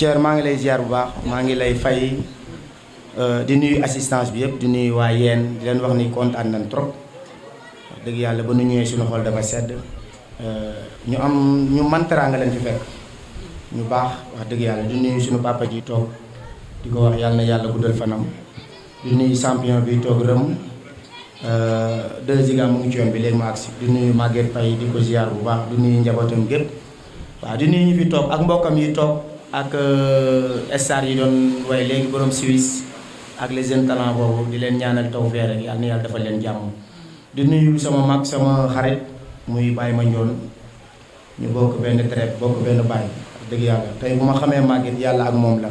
cher euh, maa ngi lay ziar bu baax maa ngi lay fay euh, di nuyu assistance bi yépp di nuyu wa yeen di len wax ni contane nan trop wax dëgg yàlla ba nu ñëwé suñu xol dafa sedd euh, ñu am ñu mantara nga len fi fekk ñu baax wax deug yalla di nuyu suñu papa ji tok di ko wax yalla na yàlla guddal fanam di nuyu champion bi reum euh deux ziga mu ngi ci yoon bi leg max di nuyu Maguette Paye di ko ziar bu baax di nuyu njabotam gépp wa di nuyu ñi fi tok ak mbokam yi tok ak euh, star yi doon waaye léegi borom Suisse ak les jeunes talents boobu di leen ñaanal tawfeex rek yàlla na yàlla defal leen jàmm. di nuyu sama mag sama xarit muy bàyyi Baye Mandione ñu bokk benn traite bokk benn bàyyi dëgg yàlla tey bu ma xamee Maguette yàlla ak moom la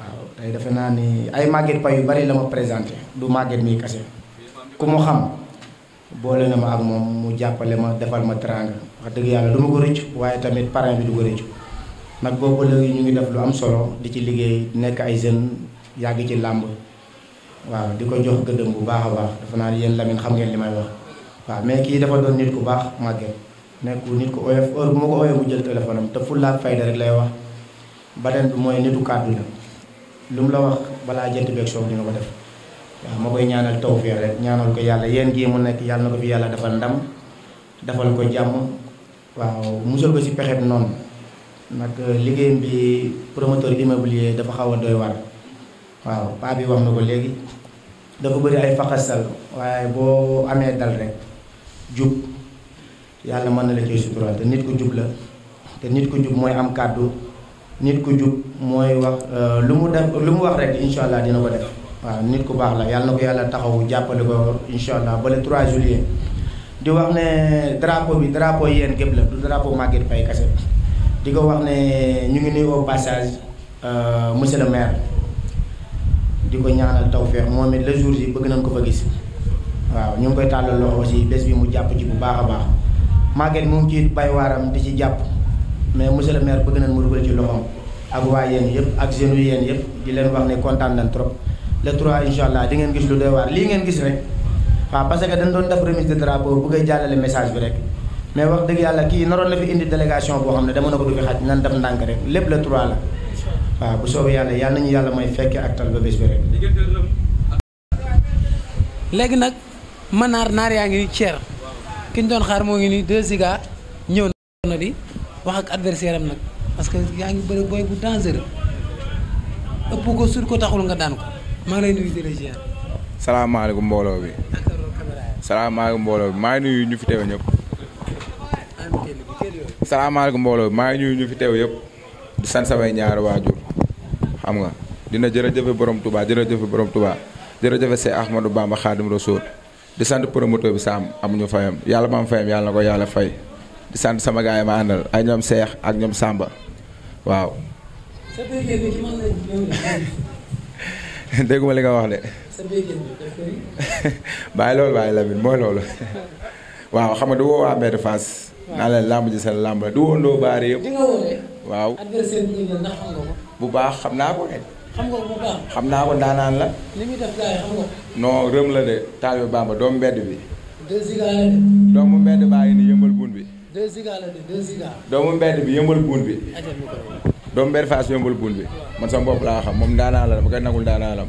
waaw tey defe naa ni ay Maguette pa yu bari la ma présenté du Maguette mii kase ku mu xam boole na ma ak moom mu jàppale ma defal ma teranga wax dëgg yàlla du ma ko rëcc waaye tamit parrain bi du ko rëccu nag boobu léegi ñu ngi def lu am solo di ci liggéey nekk ay jeunes yàgg ci làmb waaw di ko jox gëddëm bu baax a baax dafa naa yéen Lamine xam ngeen li may wax waaw mais kii dafa doon nit ku baax màgget nekk nit ku oyof heure bu ma ko ooyee mu jël téléphone am te fullaak fayda rek lay wax ba beneen bi mooy nitu kàddu la lu mu la wax balaa jënt beeg soow ma ko def waaw ma koy ñaanal tawfeex rek ñaanal ko yàlla yéen gii mu nekk yàlla na ko fi yàlla defal ndam defal ko jàmm waaw musal ko si pexeb noonu nag euh, liggéeyam bi promoteur immobilier dafa xaw a doy war waaw paa bi wax na ko léegi dafa bëri ay faxasal waaye boo amee dal rek jub yàlla mën na la cay suturaal te nit ku jub la te nit ku jub mooy am kàddu nit ku jub mooy wax euh, lu mu def lu mu wax rek incha allah dina ko def waaw nit ku baax la yàlla na ko yàlla taxawu jàppale ko incha allah ba le 3 juillet di wax ne drapeau bi drapeau yéen gépp la du drapeau Maguette Faye kese di ko wax ne ñu ngi nuyu au passage euh, monsieur le maire di ko ñaanal tawféex moom it le jour yi bëgg nañ ko fa gis waaw ñu ngi koy tàllal loxo aussi bés bi mu jàpp ci bu baax a baax Maguette mu ngi ciy bay waaram di ci jàpp mais monsieur le maire bëgg nañ mu dugal ci loxoom ak waa yéen yëpp ak jeunes yéen yëpp di leen wax ne kontaan nañ trop le 3 incha allah di ngeen gis lu doy waar lii ngeen gis rek waaw parce dañ doon def remise de drapeau bëgg a jàllale message bi rek. mais wax dëgg yàlla kii naroon na fi indi délégation boo xam ne dama na ko du fi xaj lépp la trois la waaw bu soobee yàlla yàlla yàlla may fekke ak tal ba bés bi rek. nag man naar naar yaa ngi ni Thier ki doon xaar moo ngi nii 2 Giga ñëw na di wax ak adversaire nag parce que yaa ngi bëri booy bu dangereux ëpp ko suut ko taxul nga daan ko maa ngi lay nuyu salaamaaleykum mbooloo bi. salaamaaleykum mbooloo bi maa ngi ñu fi teew ñëpp. salaamaaleykum mbooloo maa ngi ñuy ñu fi teew yëpp di sant samay ñaari waajur xam nga dina jërëjëfe borom Touba jërëjëfe borom Touba jërëjëfe Seex Ahmadou Bamba Xaadim Rasuul di sant promoteur bi Sam amuñu fayam yàlla ma am fayam yàlla ko yàlla fay di sant sama gaay ma àndal ay ñoom Seex ak ñoom sàmba waaw. dégguma li nga wax de. bàyyi loolu bàyyi Lamine mooy loolu. waaw xam nga du woo waa Mairie Fass naa leen làmb ji seen làmb la du woon doo baare yëpp. waaw bu baax xam naa ko de. xam naa ko daanaan la. li muy def gars yi xam rëm la de taalibe Bamba doomu mbedd bi. deux ziga doomu mbedd bi. deux ziga doomu mbedd bi yëmbal buun bi. doomu mbedd faas yëmbal buun bi. man sama bopp laa xam moom daanaan la dama koy nagul daanaan la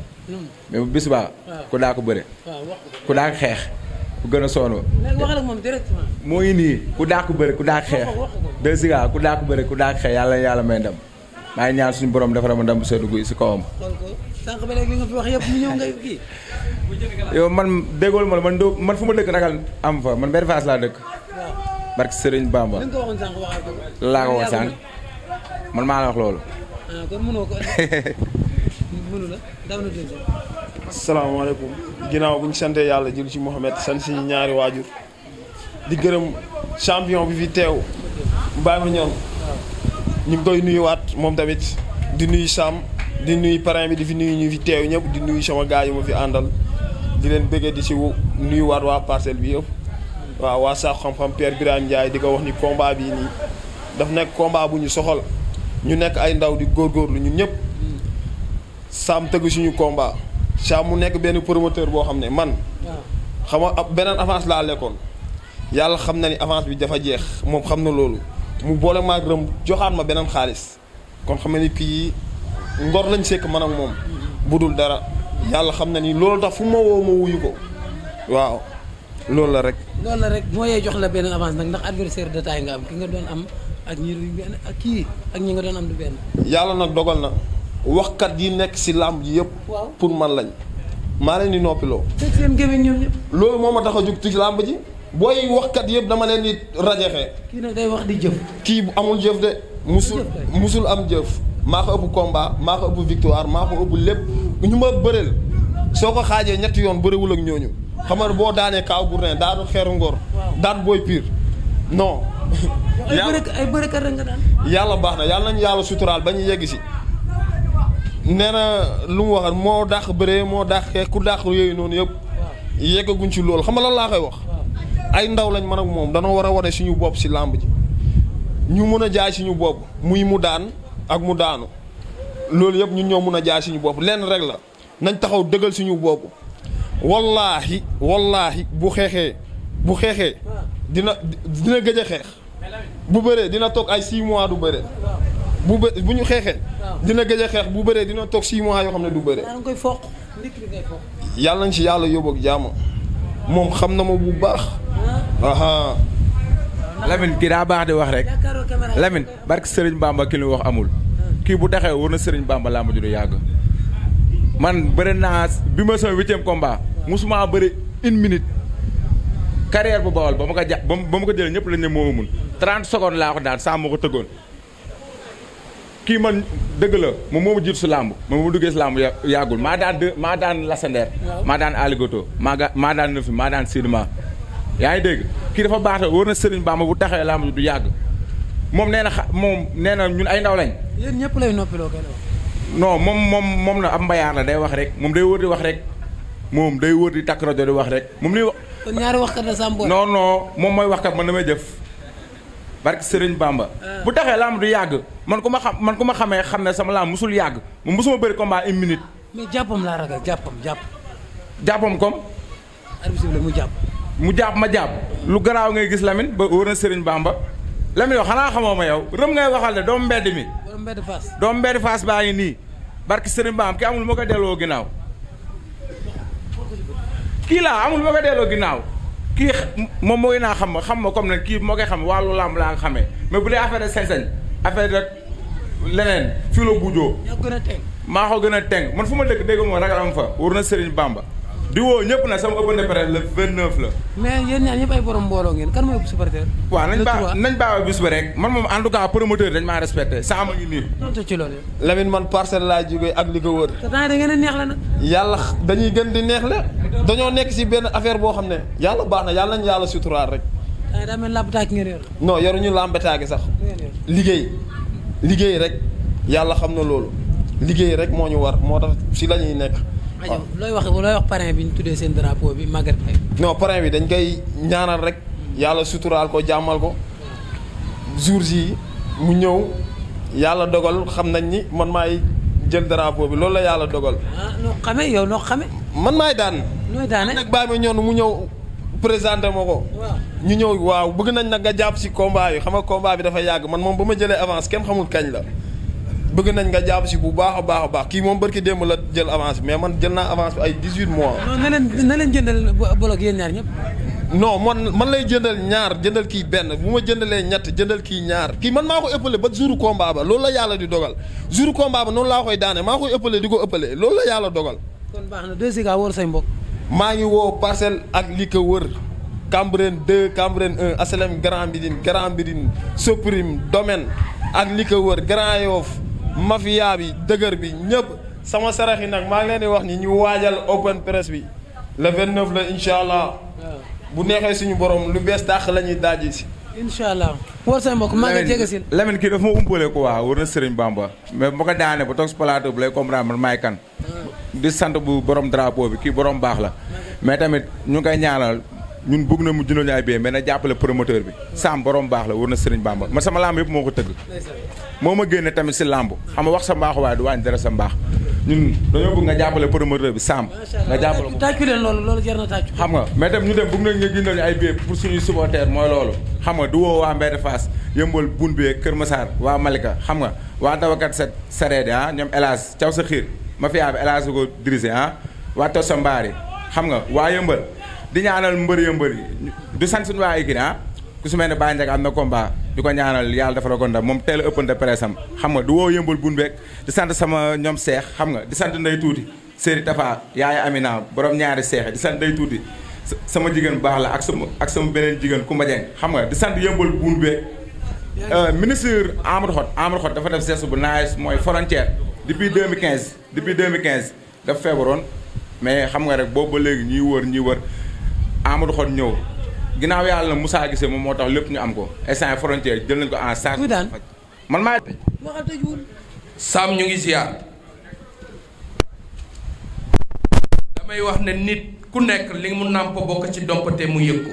mais bu bis baa. ku daa bëre. ku daa xeex gëna sonu a sonn. léegi waxal ak moom directement. moo ngi nii ku daaku bëri ku da xeex. deux ku daaku bëri ku daak may ndam may ñaan suñu borom dafa ma ndam bu guiss kawam. Yo ba man ma man man fuma dëkk ragal am fa man benn face la dëkk. Serigne Bamba. la ko wax sank man ma la wax ah kon ginnaaw bu ñu santee yàlla jël ci Mouhamed sant si ñaari waajur di gërëm champion bi fi teew Mbaye Mandione ñu ngi koy nuyuwaat moom tamit di nuyu Sam di nuyu parrain di fi nuyu ñu fi teew ñëpp di nuyu sama gars yi ma fi àndal di leen bëggee di si nuyuwaat waa parcelle bi yëpp waaw waa Sakku xam-xam Père Birame Ndiaye di ko wax ni kombaa bii nii daf nekk combat bu ñu soxal ñu nekk ay ndaw di góorgóorlu ñun ñëpp Sam tëgg suñu combat. saa mu nekk benn promoteur boo xam ne man. Ah. xam nga beneen avance laa lekkoon. yàlla xam na ni avance bi dafa jeex moom xam na loolu mu boole maag joxaat ma beneen xaalis kon xam nga ni kii ngor lañ sekk man ak moom. Mm-hmm. bu dul dara yàlla xam na ni loolu tax fu ma woo ma wuyu ko waaw. loolu la rek. loolu la rek moo yee jox la beneen avance nag ndax adversaire de taille nga am ki nga doon am ak ñi ak kii ak ñi nga doon am du benn. yàlla nag dogal na. waxkat yi nekk si làmb ji yëpp. pour man lañ. maa leen di noppiloo. loolu moo ma tax a jug ci làmb ji. booy waxkat yëpp dama leen di rajaxe. kii nag day wax di jëf. kii amul jëf de. musul musul am jëf. maa ko ëpp combat maa ko ëpp victoire maa ko ëpp lépp ñu ma bëreel soo ko xaajee ñetti yoon bëriwul ak ñooñu xam nga boo daanee kaaw Gourdin daanu xeeru ngor. daan booy piir non. ay bërekat nga yàlla baax na yàlla nañu yàlla suturaal ba ñu yegg si. nee na lu mu wax moo dàq bëre moo dàq xeex ku dàq yooyu noonu yëpp yeggaguñ ci loolu xam nga lan laa koy wax ay ndaw lañ mën ak moom danoo war a wane suñu bopp si làmb ji ñu mën a jaay suñu bopp muy mu daan ak mu daanu loolu yëpp ñun ñoo mën a jaay suñu bopp lenn rek la nañ taxaw dëggal suñu bopp wallaahi wallaahi bu xeexee bu xeexee dina dina gëj a xeex bu bëree dina toog ay 6 mois du bëree bu bë bu ñu xeexee. dina gëj a xeex bu bëree dina toog 6 mois yoo xam ne du bëree. daa koy foq yàlla nañ ci yàlla yóbbu ak jàmm moom xam na ma bu baax. Ah. Lamine kii daa baax di wax rek Lamine barke Serigne sëriñ ki lu wax amul kii bu taxee war na Serigne Bamba laa ma judd yàgg man bëri naa bi ma sama huitième combat musuma bëri une minute carrière bu bawal ba ma ko ja ba mu ko jëlee ñëpp lañ ne moo ma mun 30 laa ko daan saa ma ko tëggoon. kii man dëgg la moom moo ma su làmb moom ma duggee si làmb yàggul maa daan dë maa daan lasandeer maa daan aligoto maa maa daan nëfi maa daan sidima yaa ngi dégg kii dafa baax war na Sëriñ Bamba bu taxawee làmb ji du yàgg moom nee na xa moom nee na ñun ay ndaw lañ. yéen ñëpp lay noppiloo moom moom moom na ab mbayaan la day wax rek moom day wër di wax rek moom day wër takk rajo di wax rek moom li. kon ñaari waxkat la Samb. non non moom mooy waxkat man damay jëf. barki Serigne Bamba. Ah. bu taxé lam du yag man kuma xam man kuma xamé xamné sama lam musul yag, mu musuma beuri combat une minute. mais jappam la ragal jappam japp jappam kom arbitre bi mu japp mu japp ma japp lu graw ngay gis Lamine ba wona Serigne Bamba Lamine yow xanaa xamoo yow rëm ngay waxal de dom mbedd mi. dom mbedd fas dom mbedd fas barki Serigne Bamba ki amul moko delo ginaaw ki la amul moko delo ginaaw kii moom mooy naa xam ma xam ma comme nag kii moo koy xam wàllu làmb laa nga xamee mais bu dee affaire de sañ-sañ affaire de leneen fii la buujoo. maa ko gën a teng man fu ma dëkk dégg nga ragal am fa war na Serigne Bamba. li woo ñëpp na sama open de presse le 29 la. mais yéen ñaar ñëpp ay borom mbooloo ngeen kan mooy supporter. waaw nañ baa nañ baawa bis ba rek man moom en tout promoteur dañ maa respecté saa ma ngi nii. tontu man parcelle laa jógee ak li ko wër. te yàlla dañuy gën di neex la dañoo nekk si benn affaire boo xam ne. yàlla baax na yàlla nañ yàlla suturaal rek. ah daa mel làmbataay ngeen yor. non yoruñu làmbataay gi sax. liggéey liggéey rek yàlla xam na loolu liggéey rek moo ñu war moo tax si la ñuy nekk waaw looy wax looy wax parrain bi ñu tuddee seen drapeau bi Maguette Faye non parrain bi dañ koy ñaanal rek yàlla suturaal ko jàmmal ko jours yi mu ñëw yàlla dogal xam nañ ni man maay jël drapeau bi loolu la yàlla dogal. ah noo xamee yow noo xamee. man maay daan. nooy daane nag bàyyi ma ñoon mu ñëw présenté ma ko. ñu ñëw waaw bëgg nañ nag nga jàpp si combat yi xam nga combat bi dafa yàgg man moom ba ma jëlee avance kenn xamul kañ la. bëgg nañ nga jàpp si bu baax a baax a baax kii moom barki dem la jël avance bi mais man jël naa avance bi ay dix huit mois. non na leen na leen jëndal bolok yéen ñaar ñëpp. non man man lay jëndal ñaar jëndal kii benn bu ma jëndalee ñett jëndal kii ñaar kii man maa ko ëppale ba jour combat ba loolu la yàlla di dogal jour combat ba noonu laa koy daane maa koy ëppale di ko ëppale loolu la yàlla dogal. kon baax na deux say mbokk. maa ngi woo parcelle ak li ko wër Cambérène 2 Cambérène 1 HLM Grand Médine Grand Médine Soprim Domaine ak li ko wër Grand Yoff mafia bi dëgër bi ñëpp sama sarax yi nag maa ngi leen di wax ni ñu waajal open press bi le 29 la incha allah bu neexee suñu borom lu bees tàq la ñuy daaj si. incha allah war sa mbokk maa ngi jege si. Lamine kii dafa ma umpale ko waa war na Serigne Bamba mais bu ma ko daanee ba toog si plateau bi lay comprendre man maay kan. di sant bu borom drapeau bi kii borom baax la mais tamit ñu ngay koy ñaanal. ñun bëgg na mu jëno ñay ay mëna jappalé promoteur bi Sam borom baax la war Serigne Bamba ma sama lamb yëpp moko ko tëgg moo ma tamit ci lamb xam wax sa mbaax waaye du wañ dara sa mbaax ñun dañu bëgg nga jappalé promoteur bi Sam nga jappalé ko tàccu leen loolu loolu jar na tàccu xam nga mais tam ñu dem bëgg na nga gënë ñay ay pour suñu supporter moy loolu xam nga du wo wa mbéde Fass yëmbal bun bi Kër Massar wa Malika xam nga wa tawakat set sareede ah ñoom Elas Thiaw sa xir ma fiyaa bi Elas ko dirigé ah waa Tosa Mbaari xam nga wa yëmbal di ñaanal mbër ya mbër du sant suñu waa équipe ah. ku su mel ne Baye Ndiaga am combat diko ñaanal yalla dafa la ko ndam mom teel a ëppante xam nga du wo yembul bun bek di sant sama ñom cheikh xam nga di sant ndey tuuti seri Tafa yaay Amina borom ñaari cheikh di sant ndey tuuti sama jigen bax la ak sama ak sama benen jigen Kumba Dieng xam nga di sant yëmbal bun euh ministre Amadou khot Amadou khot dafa def cheikh bu nice moy frontière depuis 2015 depuis 2015 da feebaroon mais xam nga rek bobu ba ñi wër ñi wër Amadou Xon ñëw ginnaaw yàlla na Moussa Guissé moom moo tax lépp ñu am ko instant frontière jël nañ ko en charge. muy daan man maa. Sam ñu ngi ziar. damay wax ne nit ku nekk li mu nàmp bokk ci dompate mu yëg ko.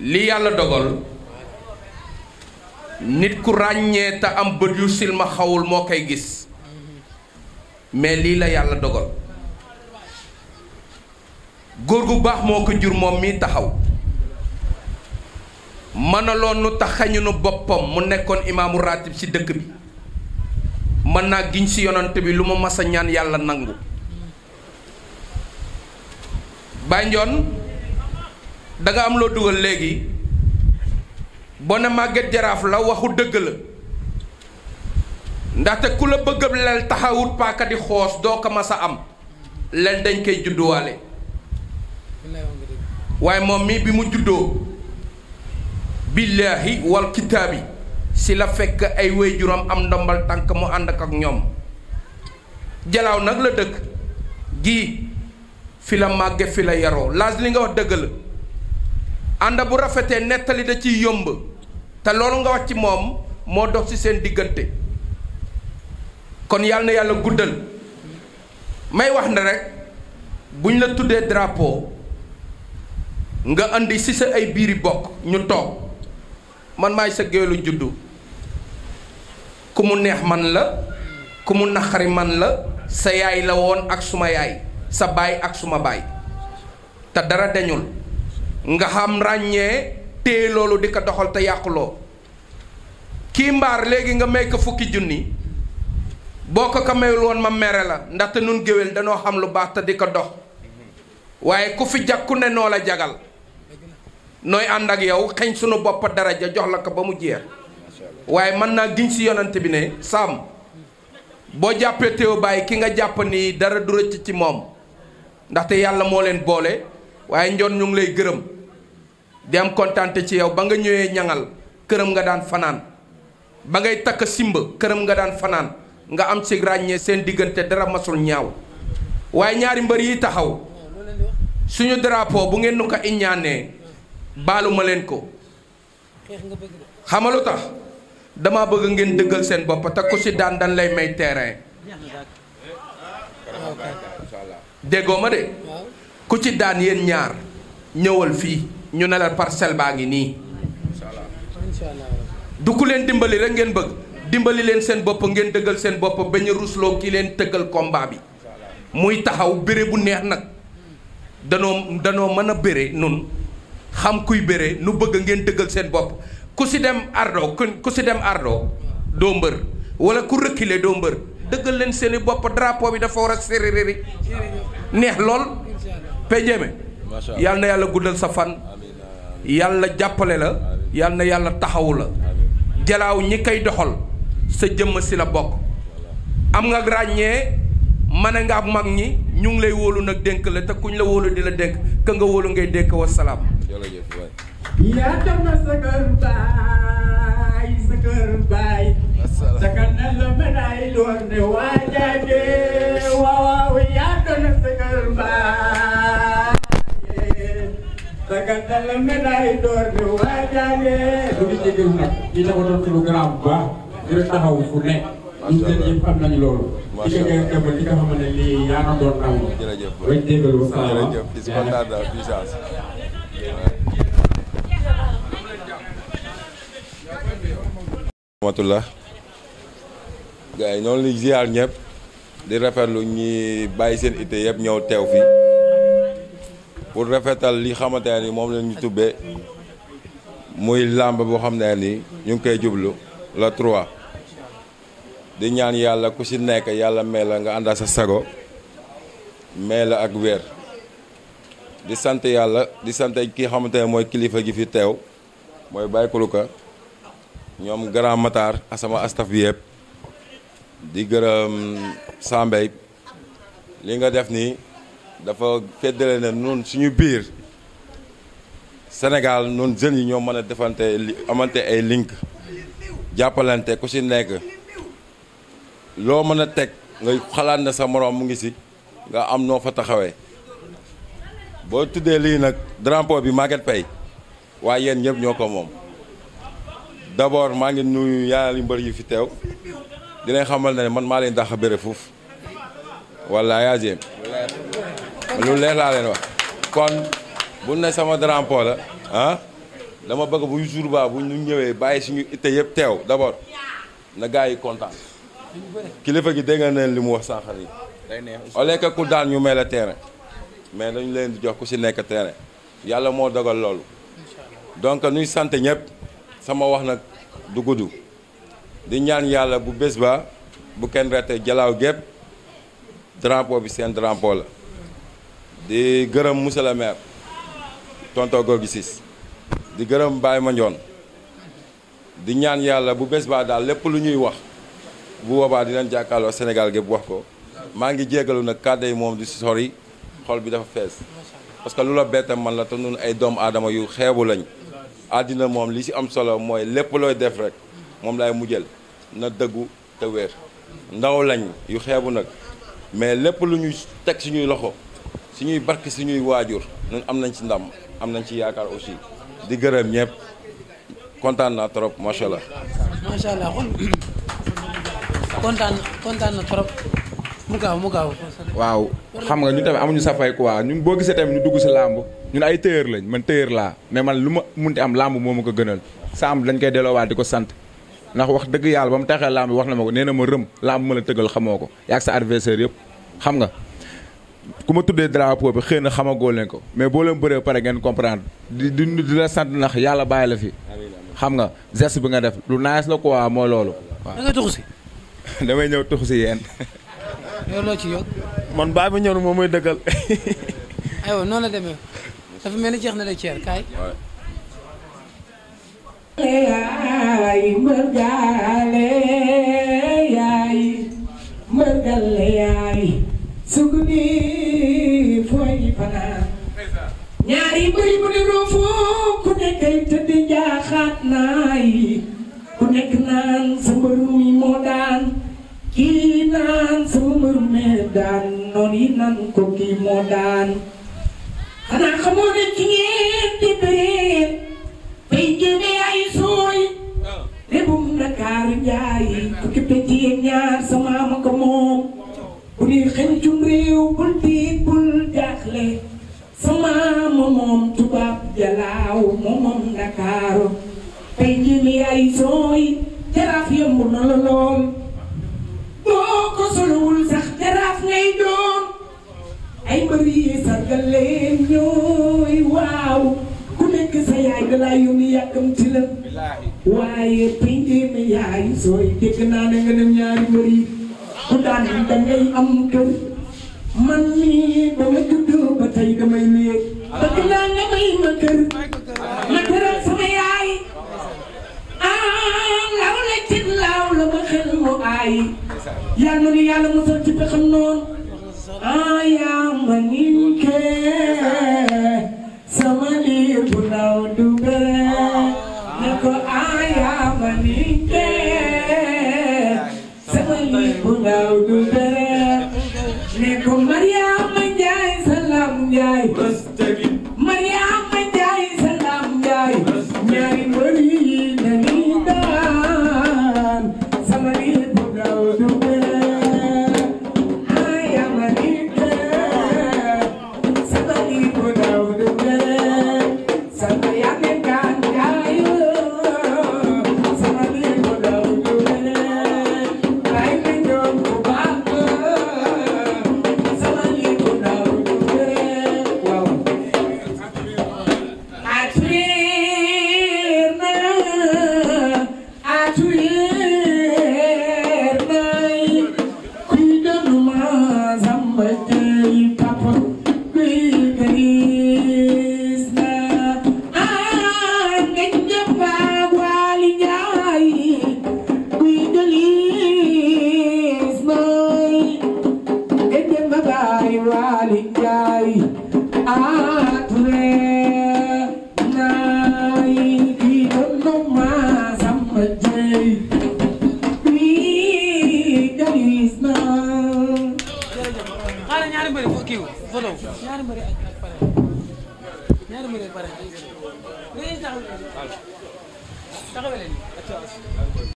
li yàlla dogal nit ku ràññee te am bët yu silma xawul moo koy gis mais lii la yàlla dogal. góor gu baax moo ko jur moom mii taxaw mënaloon nu taxañu nu boppam mu nekkoon imaamu ratib ci dëkk bi mën naa giñ ci yonante bi lu ma mas a ñaan yàlla nangu Baye danga am loo dugal léegi boo màgget jaraaf la waxu dëgg la ndaxte ku la bëgg lel taxawul paaka di xoos doo ko mas a am lel dañ koy judduwaale waaye moom mii bi mu juddoo billaahi wal kitaabi ci la fekk ay waajuram am ndombal tànk mu ànd ak ñoom jalaaw nag la dëkk gi fi la màgge fi la yaroo laaj li nga wax dëgg la ànd bu rafetee nettali da ciy yomb te loolu nga wax ci moom moo dox ci seen diggante kon yàlla na yàlla guddal may wax na rek buñ la tuddee drapeau nga andi ci sa ay biri bok ñu tok man may sa géelu juddu kumu neex man la kumu mu naxari man la sa yaay la won ak suma yaay sa bay ak suma bay ta dara dañul nga xam ragne téye lolu dika doxal ta yàquloo ki mbar legi nga may ko fukki junni boko ka mayul won ma mere la ndaxte nun géwél dano xam lu ba ta dika dox waye ku fi jakku ne no la jagal noy and ak yow xañ sunu bopp daraja jox la ko ba mu jeex waye man na giñ ci yonante bi ne sam bo jappé teew bay ki nga japp ni dara du recc ci ndax ndaxte yalla mo len bolé waye njoon ñu ngi lay gërëm di am contenté ci yow ba nga ñëwé ñangal kërëm nga daan fanan ba ngay tak simba kërëm nga daan fanan nga am ci ragné sen digënté dara masul ñaaw waye ñaari mbeur yi taxaw suñu drapeau bu ngeen nu ko baaluma len ko xamalu tax dama bëgg ngeen deggal seen bop ta ko ci daan dan lay may terrain dego ma de ku ci daan yeen ñaar ñewal fi ñu ne la parcelle baa ngi nii du ku len dimbali rek ngeen bëgg dimbali len seen bop ngeen deggal seen bop bañ ruslo ki len teggal combat bi muy taxaw béré bu neex nak dano dano mëna béré nun xam kuy béree nu bëgg ngeen dëggal seen bopp ku si dem ardo ku si dem ardo doo mbër wala ku reculer doo mbër dëggal leen seeni bopp drapeau bi dafa war a séréréri neex lool péjéeme yàlla na yàlla guddal sa fan yàlla jàppale la yàlla na yàlla taxawu la jalaaw ñi kay doxal sa jëmm si la bokk am nga ràññee mën nga ak mag ñi ñu ngi lay wóolu nag dénk la te kuñ la wóolu di la dénk ka nga wóolu ngay dénk wa salaam jërëjëf waay. yaa dama sa kër baay sa kër baay. sa kanam la mën ay doon ne waa jaaje waaw waaw yaa dama sa kër baay. sa kanam la mën ay doon ne waa jaaje. bu ñu jégalu nag ñu ne ko doon ci lu garaaw bu baax dina taxaw fu ne. ñu seen yëpp am nañu loolu. macha allah ci nga li nga xam ne lii yaa na doon taw. jërëjëf waay jërëjëf. jërëjëf rahmatullah gars yi ñoo ngi ñëpp di rafetlu ñi bàyyi seen ité yëpp ñëw teew fi pour rafetal li xamante ni moom leen ñu tubbee muy làmb boo xam ne ni ñu ngi koy jublu la trois di ñaan yàlla ku ci nekk yàlla may la nga ànda sa sago may la ak weer di sant yàlla di sant ki xamante ne mooy kilifa gi fi teew mooy Baye Kuluka ñoom Grand Matar asama astaf bi yëpp di gërëm Sambey li nga def nii dafa feddale ne nun suñu biir senegal nun jën yi ñoo mën a defante amante ay link jàppalante ku si nekk loo mën a teg nga xalaat na sa moroom mu ngi si nga am noo fa taxawee boo tuddee lii nag drampo bi Maguette Faye waaye yéen ñëpp ñoo ko moom d' abord maa ngi nuyu yaali mbër yi fi teew di leen xamal ne man maa leen dàq bëre foofu wala yaa jéem lu leer laa leen wax kon bu ne sama drapeau la ah dama bëgg bu jour ba bu ñu ñëwee bàyyi suñu itte yëpp teew d' abord na gars yi kontaan kilifa gi dégg na li mu wax sànq yi ole que ku daan ñu may la terrain mais dañu leen di jox ku si nekk terrain yàlla moo dogal loolu donc nuy sant ñëpp sama wax nak du gudu di ñaan yalla bu bes ba bu ken rete jalaaw gep drapeau bi sen drapeau la di gërëm monsieur le maire tonton Gorgui sis di gërëm Baye ñoon di ñaan yalla bu bes ba dal lepp lu ñuy wax bu di dinañ jakkalo senegal gep wax ko ma ngi jégalu nak mom di sori xol bi dafa fess parce que lula la man la tanun ay dom adama yu xébu lañ àddina moom li ci am solo mooy lépp looy def rek moom laay mujjal na dëggu te ndaw lañ yu xeebu nag mais lépp lu ñuy teg suñuy loxo suñuy barke suñuy waajur ñun am nañ ci ndam am nañ ci yaakaar aussi di gërëm ñëpp kontaan naa trop macha allah. macha allah mu gaaw mu gaaw. waaw xam nga ñu tamit amuñu safay quoi ñun boo gisee tamit ñu dugg si làmb ñun ay tëyër lañ man tëyër laa mais man lu ma mun munti am làmb moo ma ko gënal saam dañ koy delloowaat di ko sant ndax wax dëgg yàlla ba mu taxee làmb wax na ma ko nee na ma rëm làmb ma la tëggal xamoo ko yaag sa adversaire yëpp xam nga ku ma tuddee drapeau bi xëy na xamagoo leen ko mais boo leen bëree pare ngeen comprendre di di di la sant ndax yàlla bàyyi la fi xam nga geste bi nga def lu naaj la quoi mooy loolu. waaw da ngay si. damay ñëw tuxu si yéen. yow loo ci yokk. man bàyyi ma ñëw moom mooy dëggal. aywa noonu la demee dafa mel ni jeex na la ceer kaay. yaay mërgale yaay mërgale yaay sugni fooy fanaan ñaari mbëri mu ne roofoo ku nekk ay tëdd jaaxaat naay ku nekk naan sa mbër muy moo daan kii naan sama daan noon yi nan ko kii moo daan xanaa xamoo ki ngeen waxtaan bi da ngay man mii ba ma juddoo ba tey damay luyee ma kër ma tëral sama yaay ah laaw la ci laaw la ma xel na ah, ko ah yaa ma ku ndaw du tere ne ko Mariama Njaay salaam Njaay